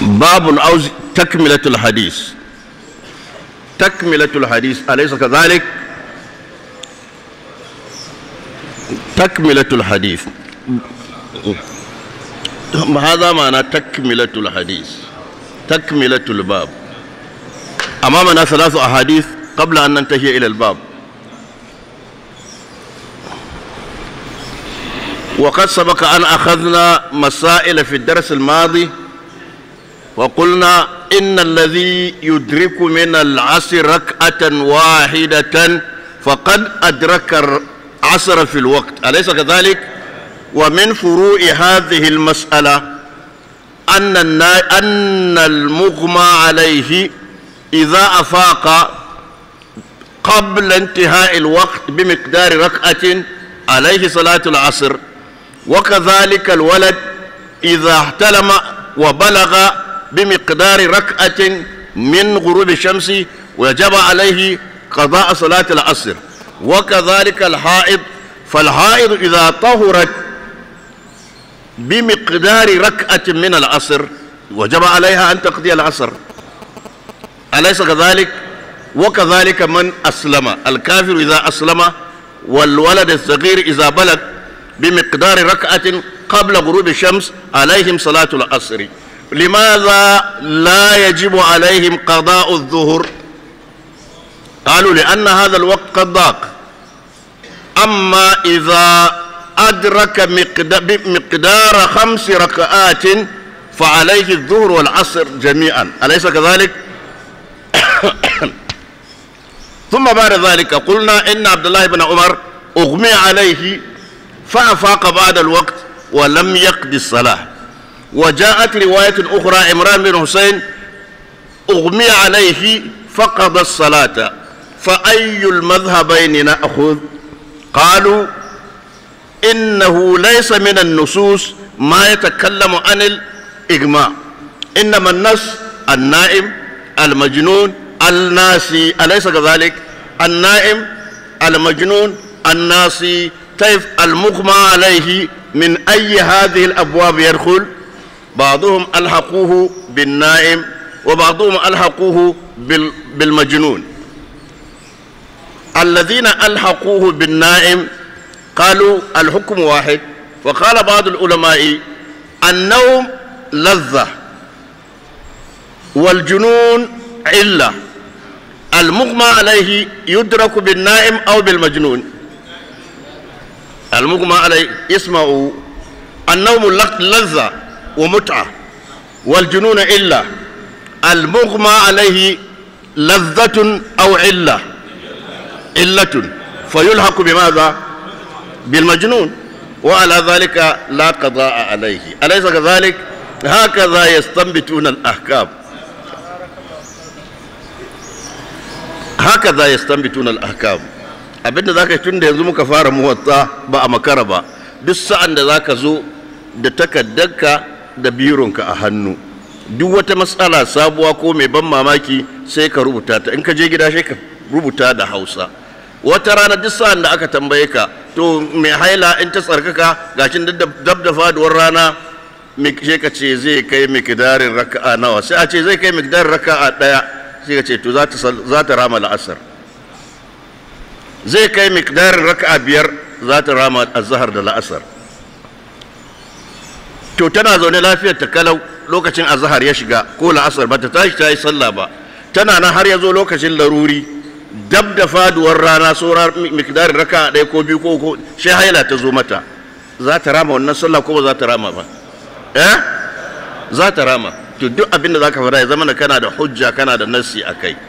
باب أو تكملة الحديث تكملة الحديث أليس كذلك تكملة الحديث هذا معنى تكملة الحديث تكملة الباب أمامنا ثلاث أحاديث قبل أن ننتهي إلى الباب وقد سبق أن أخذنا مسائل في الدرس الماضي وقلنا إن الذي يدرك من العصر ركعة واحدة فقد أدرك العصر في الوقت أليس كذلك؟ ومن فروع هذه المسألة أن أن المغمى عليه إذا أفاق قبل انتهاء الوقت بمقدار ركعة عليه صلاة العصر وكذلك الولد إذا احتلم وبلغ بمقدار ركعة من غروب الشمس وجب عليه قضاء صلاة العصر وكذلك الحائض فالحائض إذا طهرت بمقدار ركعة من العصر وجب عليها أن تقضي العصر أليس كذلك وكذلك من أسلم الكافر إذا أسلم والولد الصغير إذا بلغ بمقدار ركعة قبل غروب الشمس عليهم صلاة العصر لماذا لا يجب عليهم قضاء الظهر قالوا لأن هذا الوقت قد ضاق أما إذا أدرك مقدار خمس ركعات فعليه الظهر والعصر جميعا أليس كذلك؟ ثم بعد ذلك قلنا إن عبد الله بن عمر أغمي عليه فأفاق بعد الوقت ولم يقضي الصلاة وجاءت رواية أخرى عمران بن حسين أغمي عليه فقد الصلاة فأي المذهبين نأخذ قالوا إنه ليس من النصوص ما يتكلم عن الإغماء إنما النص النائم المجنون الناسي أليس كذلك النائم المجنون الناسي كيف طيب، المغمى عليه من أي هذه الأبواب يدخل بعضهم ألحقوه بالنائم وبعضهم ألحقوه بالمجنون الذين ألحقوه بالنائم قالوا الحكم واحد وقال بعض العلماء النوم لذة والجنون علة المغمى عليه يدرك بالنائم أو بالمجنون المغمى عليه اسمعوا النوم لذة ومتعة والجنون إلا المغمى عليه لذة أو علة علة فيلحق بماذا بالمجنون وعلى ذلك لا قضاء عليه أليس كذلك هكذا يستنبتون الأحكام هكذا يستنبتون الأحكام abinda za ka yi tun da yanzu muka fara muwatta ba a makara ba duk sa'an da za zo da takaddarka da bironka a hannu duk wata matsala sabuwa ko mai ban mamaki sai ka rubuta ta in ka je gida sai ka rubuta da hausa wata rana duk sa'an da aka tambaye ka to mai haila in ta tsarkaka gashin dab da faduwar rana sai ka ce zai kai mikidarin raka'a nawa sai a ce zai kai mikidarin raka'a daya sai ka ce to za ta rama la'asar zai kai mikidarin raka'a biyar za ta rama azhar da la'asar to tana zaune lafiyar ta kalau lokacin azhar ya shiga ko la'asar ba ta tashi ta yi sallah ba tana nan har ya zo lokacin laruri dab da faduwar rana saura mikdarin raka ɗaya ko biyu ko ko shi haila ta zo mata za ta rama wannan sallah ko ba za ta rama ba eh za ta rama to duk abin da zaka fara ya zama kana da hujja kana da nassi kai.